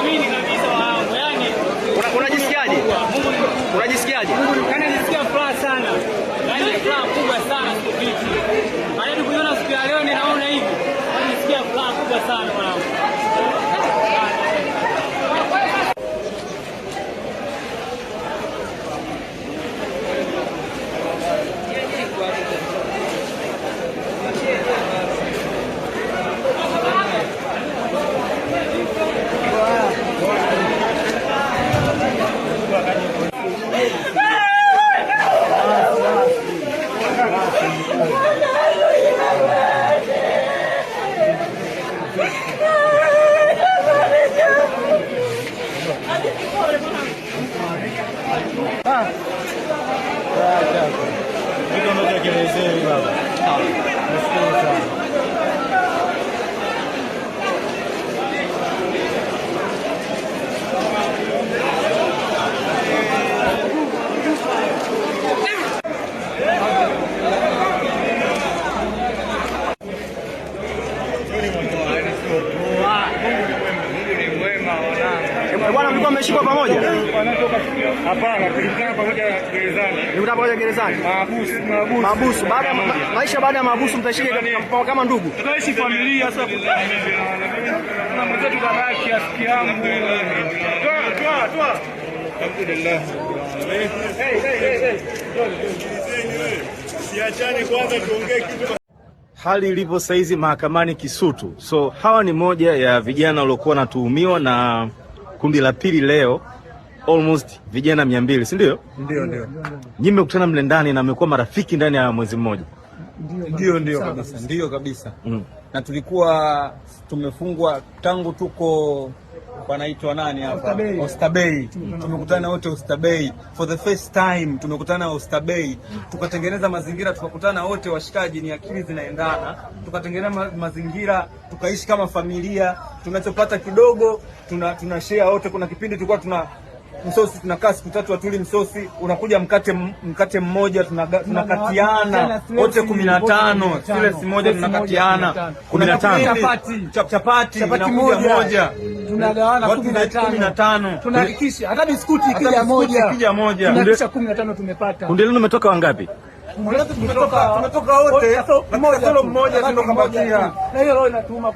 Unaamini kabisa Mungu. Unajisikiaje? Unajisikiaje? Hocam. Gel Bir de hocam geleceğe bir mmeshikwa pamoja? Hapana, tulikutana pamoja gerezani. Mlikutana pamoja gerezani? Mahabusu, mahabusu. Mahabusu. Baada maisha baada ya mahabusu mtaishi yaani, kama ndugu. Tunaishi familia sasa. Kuna mzee tukabaki afiki yangu. Toa, toa, toa. Alhamdulillah. Hey, hey, hey, hey. Siachane kwanza tuongee kitu Hali ilivyo saizi mahakamani Kisutu. So hawa ni moja ya vijana waliokuwa wanatuhumiwa na kundi la pili leo almost vijana 200, si ndio? Ndio, ndio. Nyinyi mmekutana mle ndani na mmekuwa marafiki ndani ya mwezi mmoja? Ndio, ndio kabisa, ndio kabisa. Mm. Na tulikuwa tumefungwa tangu tuko hapa anaitwa nani hapa? Ostabei. Tumekutana wote Ostabei For the first time tumekutana Ostabei Tukatengeneza mazingira tukakutana wote washikaji, ni akili zinaendana. Tukatengeneza mazingira tukaishi kama familia. Tunachopata kidogo tuna, tuna share wote. Kuna kipindi tulikuwa tuna msosi tunakaa siku tatu, hatuli msosi, unakuja mkate mkate mmoja tunakatiana wote kumi na tano silesi moja tunakatiana kumi na tano chapati moja tunagawana kumi na tano tunahakikisha hata biskuti ikija moja kumi na tano tumepata. Kundi lenu umetoka wangapi? tumetoka wote kasoro mmoja tu na hiyo roho inatuuma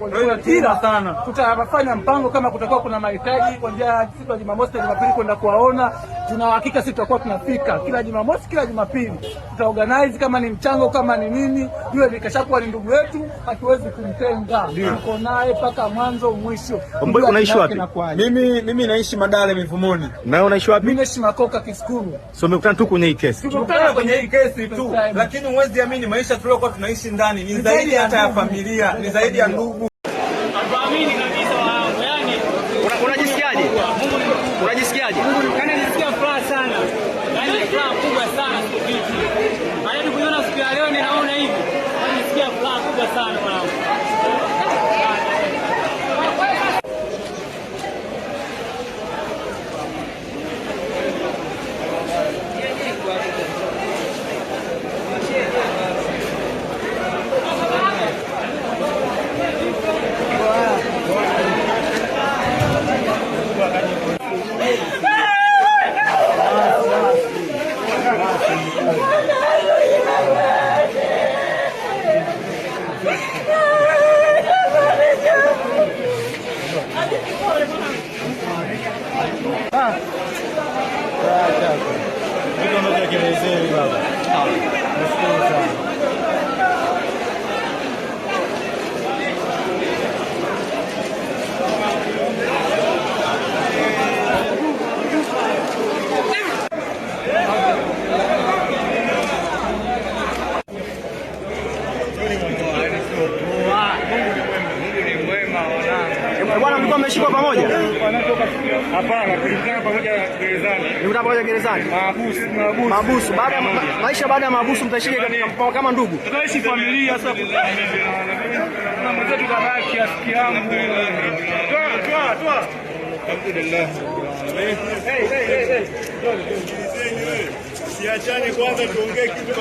ila sana. Tutafanya mpango kama kutakuwa kuna mahitaji kuanzia siku ya Jumamosi na Jumapili kwenda kuwaona. Tuna uhakika sisi tutakuwa tunafika kila Jumamosi, kila Jumapili tutaorganize, kama ni mchango, kama ni nini, yule nikashakuwa ni ndugu yetu, hatuwezi kumtenga, tuko naye mpaka mwanzo mwisho. Mbona unaishi wapi? Mimi mimi naishi Madale Mivumoni. Na unaishi wapi? Mimi naishi Makoka Kisukuru. So mmekutana tu kwenye hii kesi? Tumekutana kwenye hii kesi tu lakini huwezi amini maisha tuliokuwa tunaishi ndani ni zaidi hata ya familia, ni zaidi ya ndugu. mlikuwa mmeshikwa pamoja? Hapana, tulikutana pamoja gerezani. Mlikutana pamoja gerezani? Mabusu, mabusu. Mabusu. Baada ya maisha baada ya mabusu mtashika kama ndugu. Tutaishi familia sasa. Mwenzetu kabaki afiki yangu. Toa, toa, toa. Alhamdulillah. Hey, hey, hey. Siachane kwanza tuongee kitu